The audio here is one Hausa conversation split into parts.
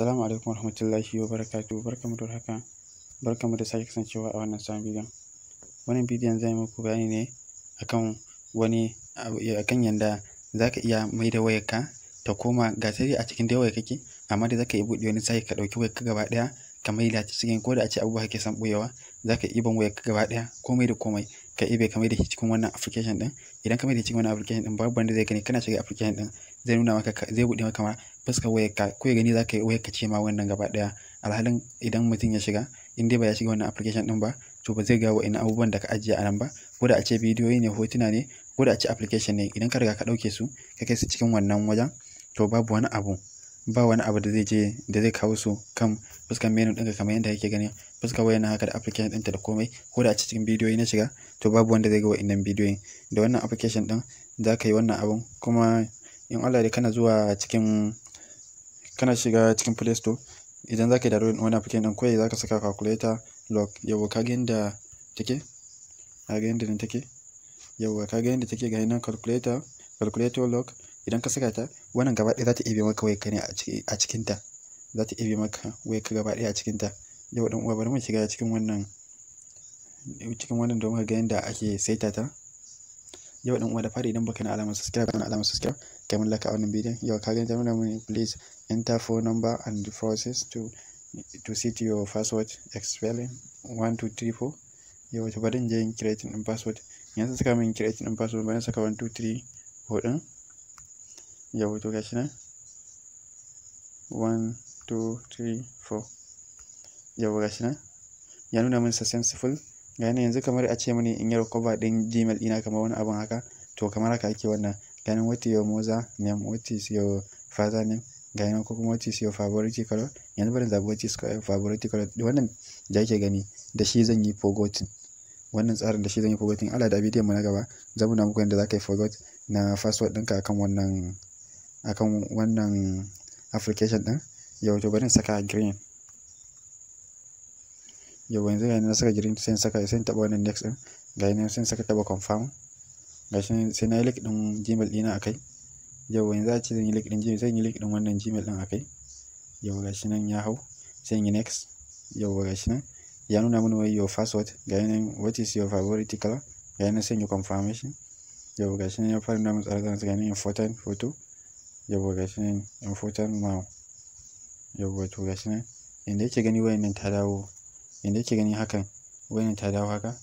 Assalamu alaikum warahmatullahi wabarakatuh barkamu da haka barkamu da sake kasancewa a wannan sabon bidiyon wannan bidiyon zai muku bayani ne akan wani eh, akan yanda zaka iya mai da wayarka ta koma ga sai a cikin dai wayar kake amma dai zaka iya buɗe wani sai ka wayar ka gaba ɗaya ka mai da cikin ko da a ce abubuwa kake san boyewa zaka iya ban ka gaba ɗaya komai da komai ka ibe ka mai da cikin wannan application ɗin idan ka mai da cikin wannan application ɗin babu wanda zai gani kana shiga application ɗin zai nuna maka zai buɗe maka kamar fuskar wayarka ko ya gani za ka yi wayarka ce ma wannan gaba daya alhalin idan mutum ya shiga in dai ba ya shiga wannan application ɗin ba to ba zai ga wa'in abubuwan da ka ajiye a nan ba ko da a ce bidiyoyi ne hotuna ne ko da a ce application ne idan ka riga ka ɗauke su ka kai su cikin wannan wajen to babu wani abu ba wani abu da zai je da zai kawo su kan fuskar menu ɗinka kamar yadda kake gani fuskar wayar haka da application ɗinta da komai ko da a ce cikin bidiyoyi na shiga to babu wanda zai ga wa'innan bidiyoyin da wannan application ɗin za ka yi wannan abun kuma in Allah da kana zuwa cikin kana shiga cikin play store idan zaka ka yi wani application ɗin koyi za ka saka calculator log yawa ka ga inda take ka ga inda take yawa ka ga inda take ga nan calculator calculator log idan ka saka ta wannan gaba ɗaya za ta ebe maka wayarka ne a cikinta za ta ebe maka ka gaba ɗaya a cikinta yau ɗan uwa bari mu shiga cikin wannan cikin wannan domin ga yadda ake saita ta yau dan uwa da fari idan baka na alamar subscribe kana alamar subscribe kai mun laka a wannan bidiyon yau ka ga ta nuna mun please enter phone number and the process to to set your password expelling 1234 yau ta barin jayin je creating din password yanzu saka min creating din password bayan saka 1234 din yau to gashi nan 1234 yau gashi nan ya nuna min successful gane yanzu kamar a ce mani in yi recover ɗin gmail ɗina kamar wani abin haka to kamar haka ake wannan gane what is your mother name what is your father name gani ko kuma what is your favorite color yanzu bari zaɓi what is favorite color wannan da ake gani da shi zan yi forgotten wannan tsarin da shi zan yi forgotten ala da bidiyon mu na gaba zan nuna muku yadda za ka yi forgot na password ɗinka akan wannan akan wannan application ɗin yau to bari saka green yau yanzu ga na saka green sai saka sai taba wannan next din ga nan sai saka taba confirm ga gashi sai na yi link din gmail dina akai yau yanzu a ce zan yi link din gmail zan yi link din wannan gmail din akai yau ga shi nan ya hau sai yi next yau ga shi nan ya nuna mini wai your password ga nan what is your favorite color ga nan sai yi confirmation yau ga shi nan ya fara nuna mini tsare tsare ga nan important photo yau ga shi nan important now yau to shi nan inda yake gani wayannan ta dawo Yanda yake ganin hakan wayan ta dawo haka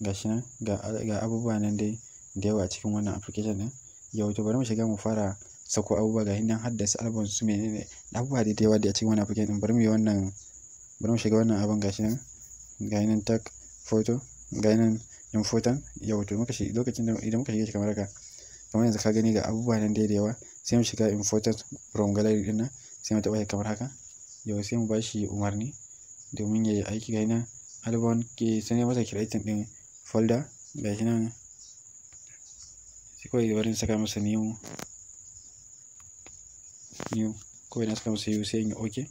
gashi nan ga abubuwa nan dai da yawa a cikin wannan application ɗin. Yau to bari mu shiga mu fara sako abubuwa ga hinan har da su album su menene abubuwa dai da yawa da a cikin wannan application ɗin bari mu yi wannan bari mu shiga wannan abun gashi nan ga hinan tag photo ga hinan important yau to muka shi lokacin da idan muka shiga shi kamar haka kamar yanzu ka gani ga abubuwa nan dai da yawa sai mu shiga important from gallery ɗin nan sai mu taɓa shi kamar haka yau sai mu bashi umarni domin ya yi aiki ga nan albon ke sanar masa creating ɗin folder ga shi nan sai kawai barin saka masa new new kawai na saka masa yiwu sai in yi ok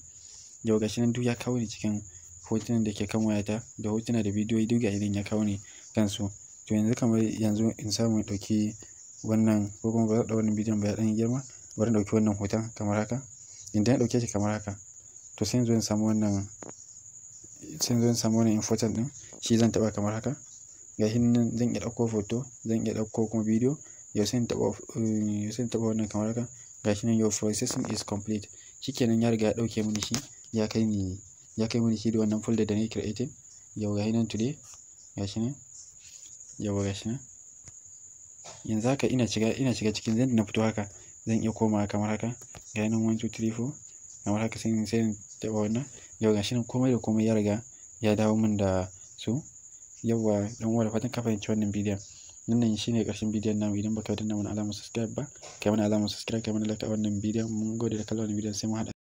yau ga shi nan duk ya kawo ni cikin hotunan da ke kan wayata da hotuna da bidiyoyi duk gashi nan ya kawo ni kansu to yanzu kamar yanzu in samu in ɗauki wannan ko kuma ba da wannan bidiyon ba ya ɗan girma bari in ɗauki wannan hoton kamar haka idan na ɗauke shi kamar haka to sai in zo in samu wannan sai zan samu wani infotal din shi zan taba kamar haka ga shi nan zan iya ɗauko foto zan iya ɗauko kuma bidiyo yau sai taba taɓa eh, sai taba wannan kamar haka ga shi nan your processing is complete shikenan ya riga ya dauke mini shi ya kai ni ya kai mini shi da wannan folder da na creating yau gashi nan today ga shi nan yau ga shi nan yanzu haka ina shiga ina shiga cikin zan na fito haka zan iya koma kamar haka ga nan 1 2 3 4 kamar haka sai sai in wannan yau shi nan komai da komai ya riga ya dawo min da su yawwa dan uwa fatan kafa yanci wannan bidiyon wannan ne karshen bidiyon namu idan baka danna mana alamar subscribe ba kai mana alamar subscribe kai mana like a wannan bidiyon mun gode da kallon wannan bidiyon sai mu haɗa